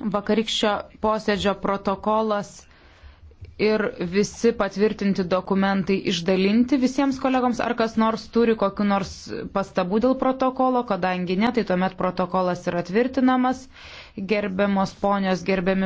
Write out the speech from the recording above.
vakarykščio posėdžio protokolas ir visi patvirtinti dokumentai išdalinti visiems kolegoms, ar kas nors turi kokiu nors pastabų dėl protokolo, kadangi ne, tai tuomet protokolas yra tvirtinamas, gerbiamos ponios, gerbiami.